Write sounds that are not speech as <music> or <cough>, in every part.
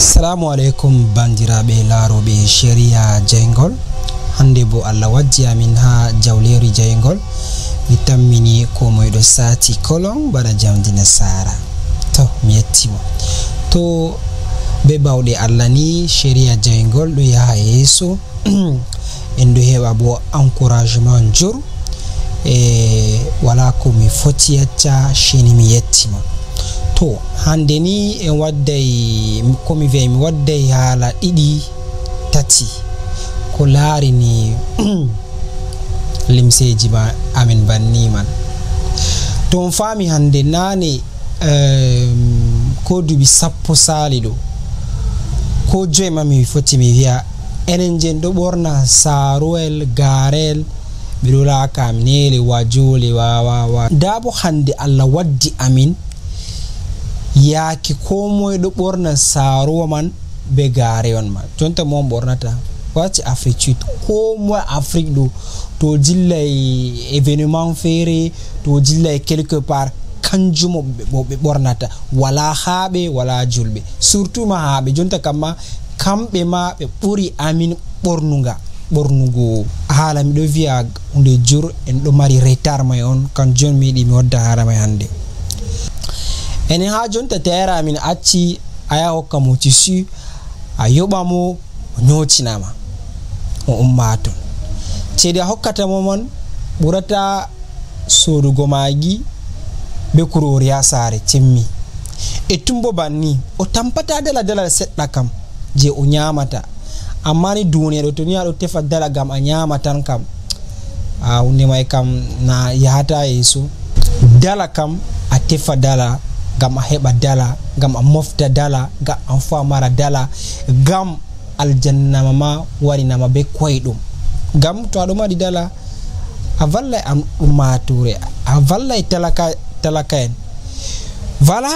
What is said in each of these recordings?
assalamu aleykum bandiraɓe laaroɓe sheria jeygol hande bo allah waddi amin ha jawleri jeygol mi tammini ko moyɗo sati colon bana jamdi nasara to mi yettimo to be bawɗe allah ni sheria jeygol ɗo yaha yeeso <clears throat> en ɗo heɓa bo encouragement jur e wala ko mi foti yacca sheni mi yettima to hande ni en wadday komi wey mi wadday haala ɗiɗi tati ko laarini <clears throat> limseji ma amin banni man to on faami hande naane ehm, ko duɓi sappo saali ɗo ko joyi ma mi foti mi wiya enen jen ɗo ɓorna saaroel gaarel ɓeɗo laakam neele wa joole wawawa da bo hande allah waddi amin yaake komoye ɗo ɓorna saaruwa man be gareon man jonta mon ɓornata wati africuit komoye afrique ɗo to jillay événement feere to jillay quelque part kanjumo ɓe ɓornata wala haaɓe wala julɓe surtout ma haaɓe jonta kamma kamɓe ma ɓe ɓuri amin ɓornuga ɓornugo haala miɗo wiya hunde jur en ɗo mari retard may on kan joni mi yiɗi mi wadda haala may hannde enen ha jonta tayara min acci a yaha hokka mo tissu a yoɓamo o ñotinama o ummaton ceede a hokkatamo mon ɓurata sodugo magi be kurori ha saare timmi e tumbo banni o tampata dala dalal seɗɗa kam je o ñamata amma ni duniyaɗo toni aɗo tefa dala gam a ñama tan kam a hunde may kam na yahata yeeso dala kam a tefa dala ngam a heɓa dala ngam a mofta dala ga an fu mara dala ngam aljannama ma warinama be koyɗum ngam to aɗo mari dala a vallay am ummatore a vallay talaka talaka en voilà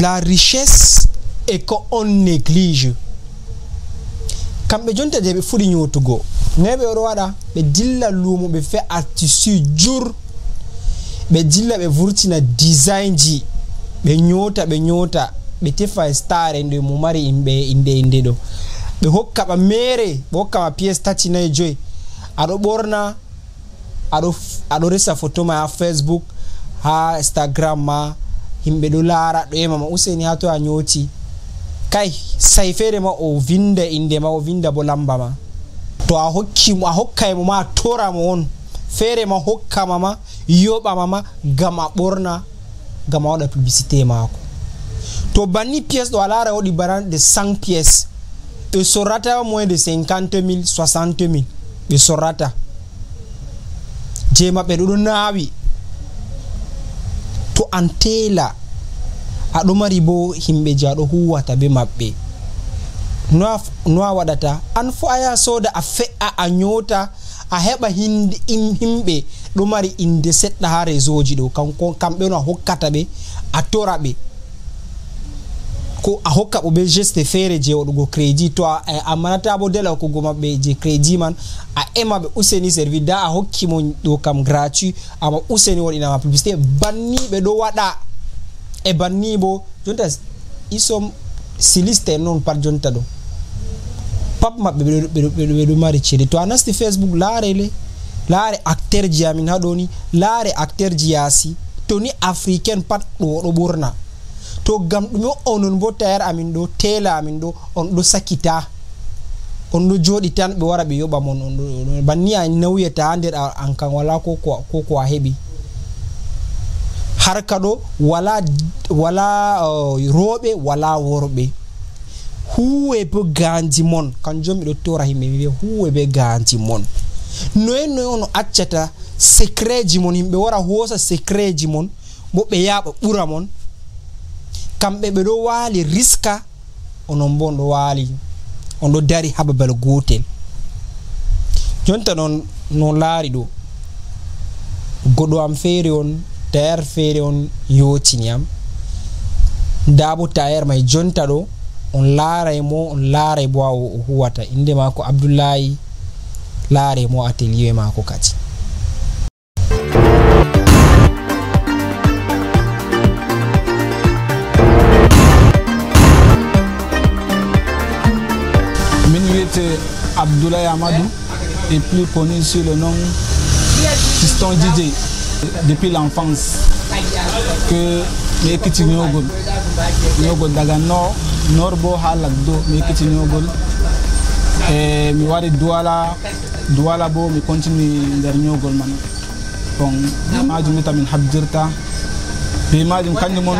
la richesse et ko on néglige kamɓe jonta de ɓe fuɗi ñotugo noyi ɓe oɗo waɗa ɓe dilla lumo ɓe fe artisu jur ɓe dilla ɓe vurtina design ji ɓe ñoota ɓe ñoota ɓe tefa e stare nde mo mari inɓe e inde inde ɗo ɓe hokkaɓa mere ɓe hokkama pies tati nayi joyi aɗo ɓorna aɗo aɗo resa photo ma ha facebook ha instagram ma himɓe ɗo laara ɗo yema ma useni ha to a ñooti kai sai feere ma o vinda inde ma o vinda bo lamba ma to a hokkimo a hokkaymo e ma a tora mo on feere ma hokkama ma yoɓama ma gam a ɓorna gam a waɗa publicité mako to banni piece ɗo a lara waɗi baran de 5 piece ɓe sorrata moins de 50 60 ɓe sorrata je maɓɓe ɗoɗo nawi to an tela aɗo mari bo himɓe je aɗo huwata be maɓɓe no a waɗata an fo aya soda a fe'a a yota a heɓa himɓe him, ɗo mari inde seɗɗa ha réseau ji ɗo kanko kamɓe no a hokkata ɓe a tora ɓe ko a hokka ɓo ɓe geste feere je waɗugo crédit to a manata bo dela hokkugo maɓɓe je crédit man a ema ɓe useni service da a hokkimo ɗo kam gratuit amma useni waɗinama publicité banniɓe ɗo waɗa e banni bo jonta isom siliste en noon pat jonta ɗo pap maɓɓe ɓeɗo mari ceede to a nasti facebook laarele laare acteur ji amin ha ɗo ni laare acteur ji yaasi to ni africaine pat ɗo oɗo ɓurna to gam ɗume onon bo tayar amin ɗo tela amin ɗo on ɗo sakita on ɗo joɗi tan ɓe wara ɓe yoɓa mon banni a nawyata ha nder an kan wala ko ko a heɓi harka ɗo wala wala eh, roɓe wala worɓe huwe be gandi mon kanjum miɗo tora himɓe wiwe huwe be gandi mon noye noy ono accata secret ji mon yimɓe wara hoosa secret ji mon bo ɓe yaaɓa ɓura mon kamɓe ɓe ɗo waali riska onon bo onɗo waali on ɗo dari ha babal gotel jonta non no laari ɗo goɗo am feere on tayar feere on yotini am nda bo tayar may jonta ɗo on laaray e mo on laaray e bo a o huwata inde maako abdoulayi laare mo atelier mako kadi abdoulaye amadou et plus connu sous le nom piston dj depuis l'enfance que mi ekkiti ñogol ñogol daga nord nord bo lagdo e mi waɗi duwala duwala bo mi continue nder ñowgol man bon be majum ni tamin habdirta be majum kanjum on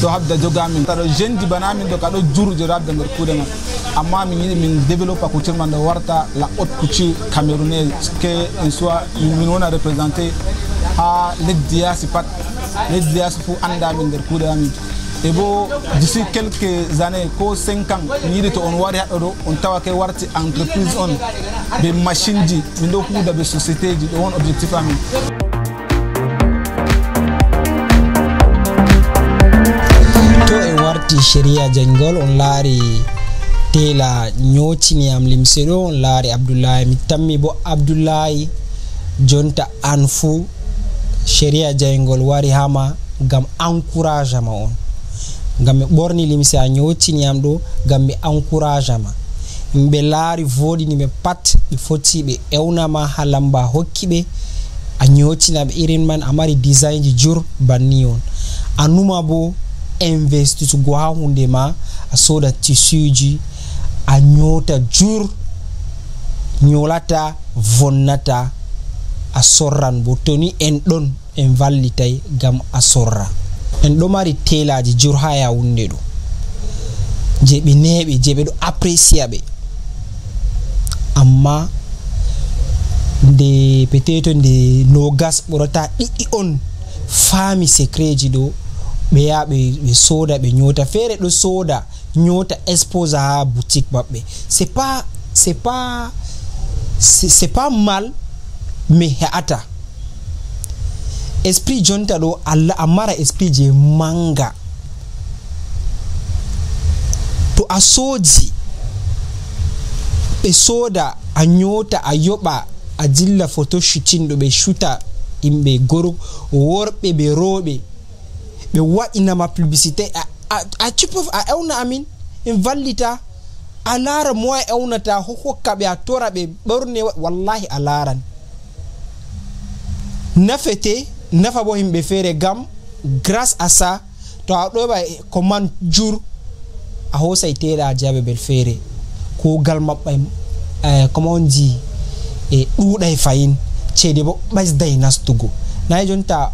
ɗo habda jogamin taɗo jendi banamin ɗo kaɗo jurjo ɗo habda nder kuuɗe man amma min yiɗi min développe couture man ɗo warta la haute couture camerounaise que en soit min wona représenté ha leddi yaasi pat leddi yaasi fo min nder kuuɗe amin e bo d'ici quelques années ko 5 ans mi yiɗi to on wari haɗo ɗo on tawake warti entreprise on ɓe machine ji min ɗo huuda ɓe société ji ɗo won objectif amin to e warti sharia janngol on laari tela ñotiniyam limse ɗo on laari abdoullahi mi tammi bo abdoullahi jonta an fuu sharia jayngol wari hama gam encourage ma on ngam mi ɓorni limse a ñowtiniyam ɗo ngam mi encourage ama ɓe laari voɗinimɓe pat ɓe foti ɓe ewnama ha lamba hokkiɓe a ñotinaɓe irin man a mari design ji jur banni on a numa bo investitugo ha hunde ma a soda tissue ji a ñota jur ñolata vonnata a sorran bo toni en ɗon en vallitay ngam a sorra en ɗo mari telaji jur ha yawunde ɗo je ɓe neɓe je ɓeɗo apprécia ɓe amma nde peut-être nde nogas ɓurata ɗiɗi on faami secretji ɗo ɓe yaha ɓeɓe soda ɓe nyota feere ɗo soda nyota expose ha boutique maɓɓe c'est pas c'est pas c'est pas mal mi he'ata esprit jonta ɗo allah a mara esprit je manga to a soji ɓe soda a yota a yoɓa a dilla photo shutinɗo ɓe shuta yimɓe gor worɓe ɓe roɓe ɓe waɗinama publicité a cipof a ewna amin en vallita a lara moya ewnata hokka ɓe a tora ɓe ɓorne wallahi a laran nafete nafa bo yimɓe feere gam grâce à ça to a ɗoɓa ko man jur a hosay teɗa jaɓebel feere kugal maɓɓa e, koma on ji e ɗuɗay fayin ceede bo ɓasday nastugo nayi jonta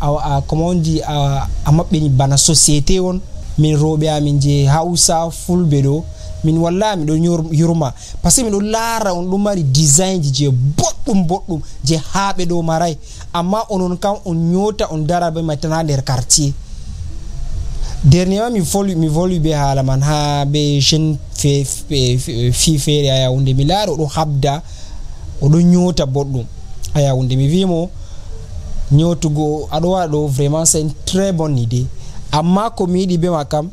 koma on ji a maɓɓini bana société on min roɓe amin je hausa fulɓe ɗo min walla miɗo yurma par ce que miɗo laara on ɗum mari design ji je boɗɗum boɗɗum je haaɓe ɗo maray amma onon kam on ñoota on dara be ma tan ha nder quartier dernier ma mi folu mi volu be haala man ha be jeune fi feere a yawunde mi laari oɗo habda oɗo ñoota boɗɗum a yawunde mi wimo ñootugo aɗo waɗa ɗo vraiment c'est une très bonne idée amma ko mi yiɗi be ma kam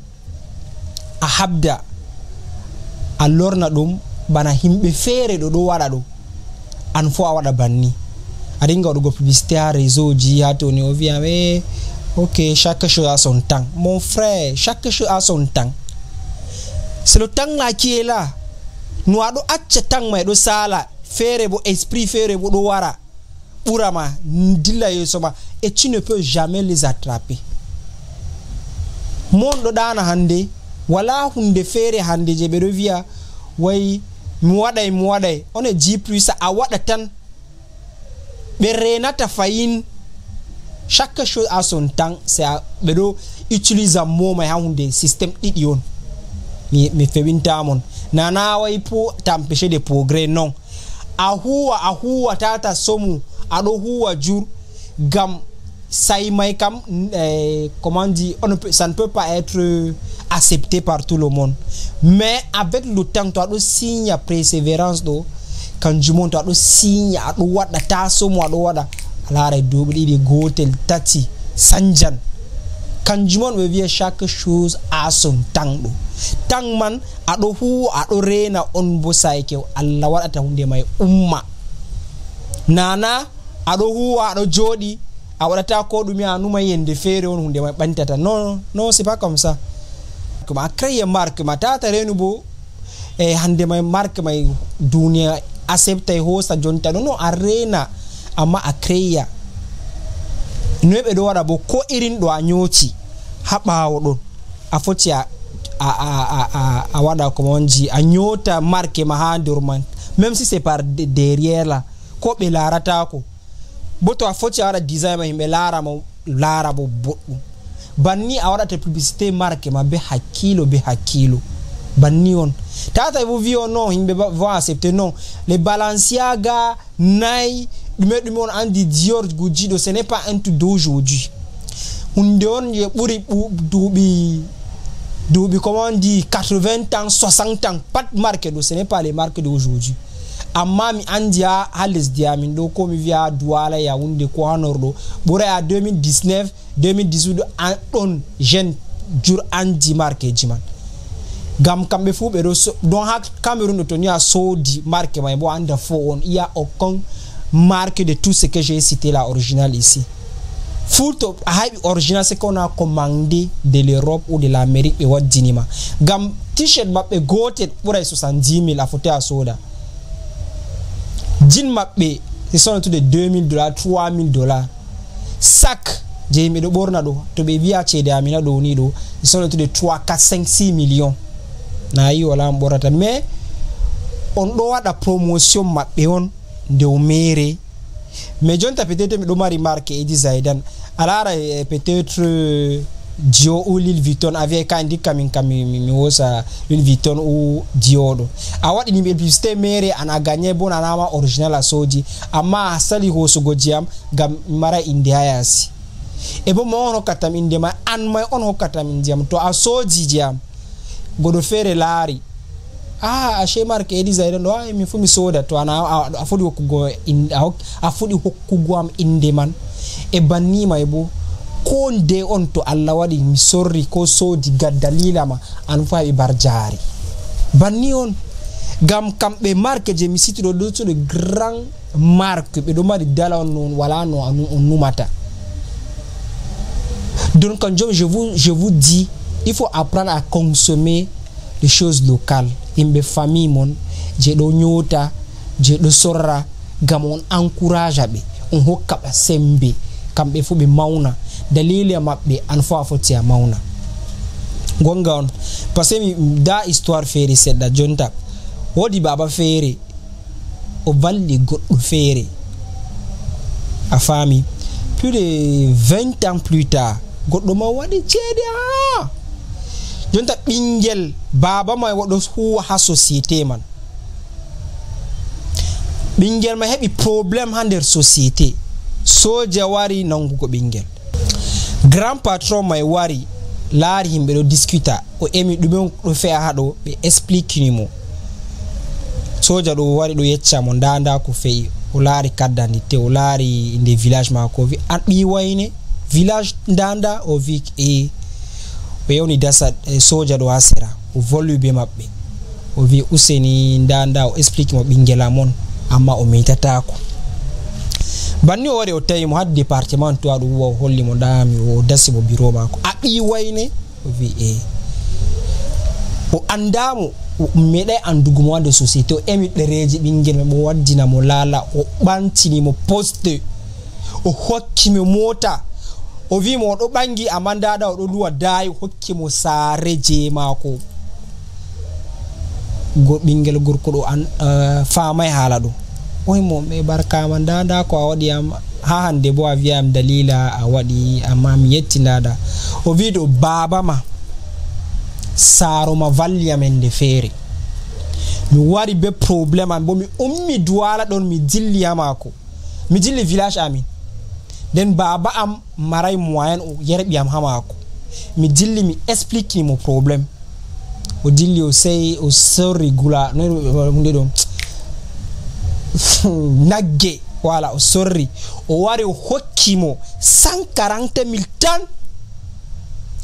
a habda a lorna ɗum bana himɓe feere ɗo ɗo waɗa ɗo an fo a waɗa banni aringa go publicitaire réseau ji hato ni ovia we ok chaque chose a son temps mon frère chaque chose a son temps c'est le temps là qui est là nous ado acce temps mais e do sala faire bo esprit faire bo do wara purama ndilla yesoma et tu ne peux jamais les attraper mondo dana hande wala hunde fere hande je bedo via wai mi waɗai mi waɗai one ji prusa a waɗa tan ɓe renata fayin chaque chose a son temps c'est ɓeɗo utilisa mo mai ha hunde système ɗiɗi Me mi fewintamon nana way po tampéché de progrès non a huwa a tata somu aɗo huwa jur gam say may kam eh, comment dit on peut, ça ne peut pas être accepté par tout le monde mais avec le temps il y signe persévérance do. kanjum on to aɗo signe aɗo waɗa ta somo aɗo waɗa a laara duuɓi ɗiɗi gotel tati sanjan kanjum on ɓe wiya chaque chose ason tanɗo tan man aɗo huwo aɗo rena on bo sayke allah waɗata hunde may umma nana aɗo huwa aɗo joɗi a waɗata ko ɗumi a numa yende feere on hunde may ɓantata non non c'est pas comme ça ma créé e marque ma tata renu bo e hande may marque may duniya accepta e hoosa jonta nono a reena amma a créya noi ɓe ɗo waɗa bo ko irin ɗo a ñooti ha ɓaawo ɗon a foti a waɗa koma onji a ñoota marke ma ha nder man même si c'est par derriére la ko ɓe laaratako bo to a foti a waɗa design ma yimɓe laarama laara bo boɗɗum banni a waɗata publicité marque ma be hakkilo be hakkilo banion tata bo vio on non himɓe vont accepter non les balanciaga nai ɗume du on andi dior gujiɗo ce n'est pas un tout d'aujourd'hui hunde on je ɓuri dubi dubi comment on dit 80 ans 60 ans pas de marque ce n'est pas les marques d'aujourd'hui amma mi andia ha ha lesdi amin douala ko mi wiya duwala ko ha norɗo a 2019 2018 on an ɗon jeune jour andi marqueji gam kamɓe fu ɓe ɗo don ha cameron o toni a soodi marque may bo anda fo on iya aucun marque de tout ce que j'ai cité la original ici fuu to a heɓi original c'est que on a commandé de l'europe ou de l'amérique ɓe waddinima gam tichet maɓɓe gotel ɓuray 70000 a foti a sooda jin maɓɓe sesonatude 2000 dollar 3000 dollar sac je yimɓe ɗo ɓorna ɗo to ɓe wiya ceede amina ɗo ni ɗo sesonatude 3 4 5 6 millions nayi wala mo ɓorata mais on ɗo waɗa promotion maɓɓe on ndew mere mais jonta peut être miɗo mari marque edi zaidan a eh, peut être eh, dio ou lil viton a wiya ka ndikka mi wosa lil viton ou dio ɗo a waɗini ɓe publicité mere an gagné bon anama original a soodi amma a sali hosugo jiyam ngam mara inde ha yasi e bo ma on hokkatam inde ma an may on hokkatam inde to a soodi jiyam goɗo feere laari aa ah, a chemark elisaɗo ɗo a ah, min fu mi soda to ana a fuɗi hokkugo a fuɗi hokkugo am inde man e bannima e bo ko nde on to allah waɗi mi sorri ko soodi gaddalila ma an fu haɓi bar jaari banni on gam kamɓe marque je mi sittiɗo ɗo sode grand marque ɓeɗo mari dala on non wala no on numata donc kan jom je vous je vous dis il faut apprendre à consommer les choses locales yimɓe famille mon je ɗo ñoota je ɗo sorra gam on encourage aɓe on hokka ɓa sembe kamɓe fo ɓe mawna dalili a maɓɓe an fo a foti a mawna gonga on par ce que da histoire feere seɗɗa jonta woodi baba feere o valli goɗɗo feere a faami plus de 20 ans plus tard goɗɗo ma waɗi ceede aa ah! jonta ɓingel baba ma waɗo huwa ha société man ɓingel ma heɓi probléme ha nder société soje wari nangugo ɓingel grand patron may wari laari himɓe ɗo discuta o emi ɗumen ɗo fe'a ha ɗo ɓe expliquini mo soja ɗo wari ɗo yecca mo nda nda ko fe'i o laari kaddani te o laari nde village mako o wi an ɓi wayne village nda nda o wi e eh, o yewni dasa e soja ɗo ha sera o volwi be maɓɓe o vi useni nda nda o explique mo ɓinguelam on amma o metatako banni o wari o tawi mo ha département to aɗum wuwa o holli mo ndami o dasi mo bureau mako aɓi wayne o vi e o andamo meɗai andugo mo wande société o emi ɗereji ɓinguel mo waddinamo laala o ɓantinimo poste o hokkimo mota o wimo oɗo ɓangi amma dada oɗo luwa dayo hokki mo saare je mako go ɓingel gorko ɗo an uh, famay hala ɗo oyimo ɓe barkama dada ko a waɗi am ha hande bo a wiyam dalila a waɗi amma mi yetti dada o wi ɗo baba ma saroma valliyamen nde feere mi wari be probléme am bo mi ummi duwala ɗon mi dilli ha mako mi dilli village amin nden baaba am maray moyen o yerɓiyam ha maako mi dilli mi expliquei mo probléme o dilli o sey o sorri gula hunde ɗo <laughs> nagge voilà o sorri o wari o hokkimo cent quarante mille tan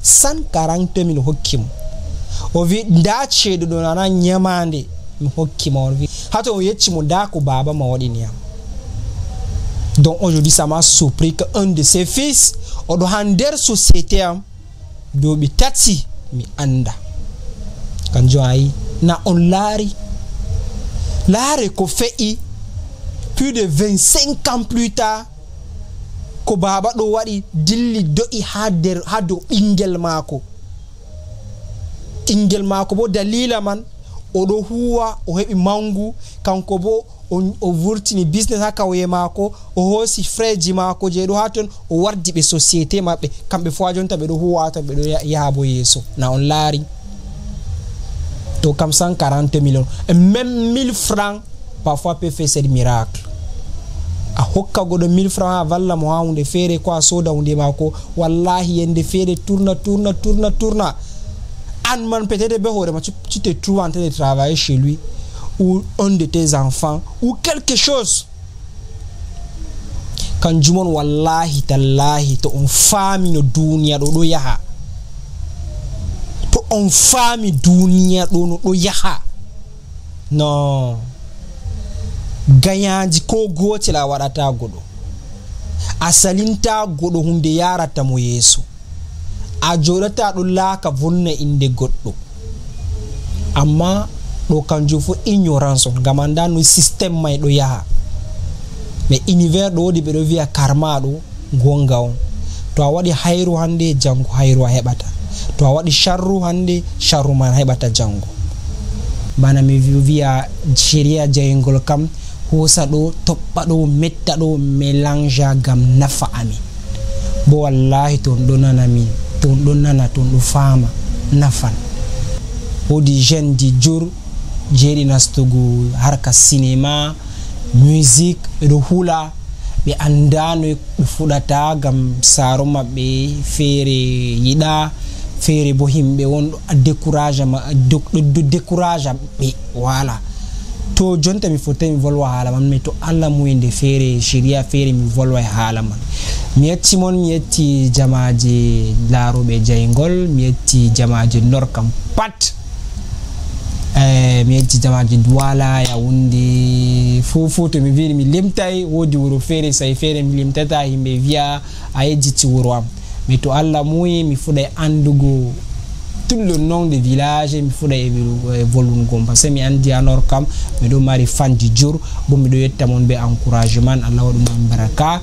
cent quarante mille hokkimo o wi nda ceeɗo ɗo nana ñamande mi hokkimo on wi hato o yecci mo nda ko baaba ma waɗiniyam donc aujourd'hui ça m'a surpris que un de ses fils oɗo ha nder société am duuɓi tati mi anda kanjum ayi na on laari laare ko fe'i plus de 25 ans plus tard ko baba ɗo waɗi dilli do'i ha nder ha dow ɓingel maako ɓingel maako bo dalila man oɗo huwa o heɓi mangu kanko bo o vurtini business ha kawye mako o hoosi freji mako je ɗo ha ton o wardi ɓe société maɓɓe kamɓe fo a jonta ɓeɗo huwata ɓeɗo yahabo yeeso na on laari to kam 140 million e même 1000 franc parfois peut fait cet miracle a hokka goɗo 1000 franc ha valla mo ha hunde feere ko a soda hunde mako wallahi yende feere tourna tourna tourna tourna an man peut être be hoorema citte trouvantene travaille chez lui ou un de tes enfants ou quelque chose kanjum on wallahi tallahi to on faami no duniya ɗo ɗo yaha to on faami duniya ɗo no ɗo yaha no gayaji ko gotel a waɗata goɗo a salinta goɗo hunde yarata mo yeeso a joɗata ɗo laaka vonna inde goɗɗo amma ɗo kanjum fu ignorance on ngam anda no systéme may ɗo yaha mais univers ɗo woɗi ɓeɗo wiya karma ɗo gonga on to a waɗi hayru hande jango hayru a heɓata to a waɗi charru hande charru man heɓata jango bana mi wiya shéria jeyngol kam hosa ɗo toɓɓa ɗo metta ɗo mélange gam nafa amin bo wallahi ton on ɗo nana min ton on ɗo nana ton on ɗo fama nafan wodi jeune di jour jeeri nastugu harka cinéma musique ɓeɗo huula ɓe anndano ɓe fuɗata gam saaro maɓɓe feere yiɗa feere bo himɓe won ɗo découragemaɗo découragea ɓe wala to jonta mi fotta mi volwa haala man mai to allah muyende feere séria feere mi volwa e haala man mi yetti moon mi yetti jamaje laaroɓe jayngol mi yetti jamaje nor kam pat E, mi yecci jamaji dowala ya wonde fof fo to mi wini mi limtay wodi wuro feere sawi feere mi limtata yimɓe wiya a yejjitti wuro am mais to allah muyi mi fuɗay andugo tullo non de village mi fuɗa e, e volungo par ce mi andi anor kam miɗo mari fandi jour bo miɗo yetta mon ɓe encouragement allah waɗumam baraka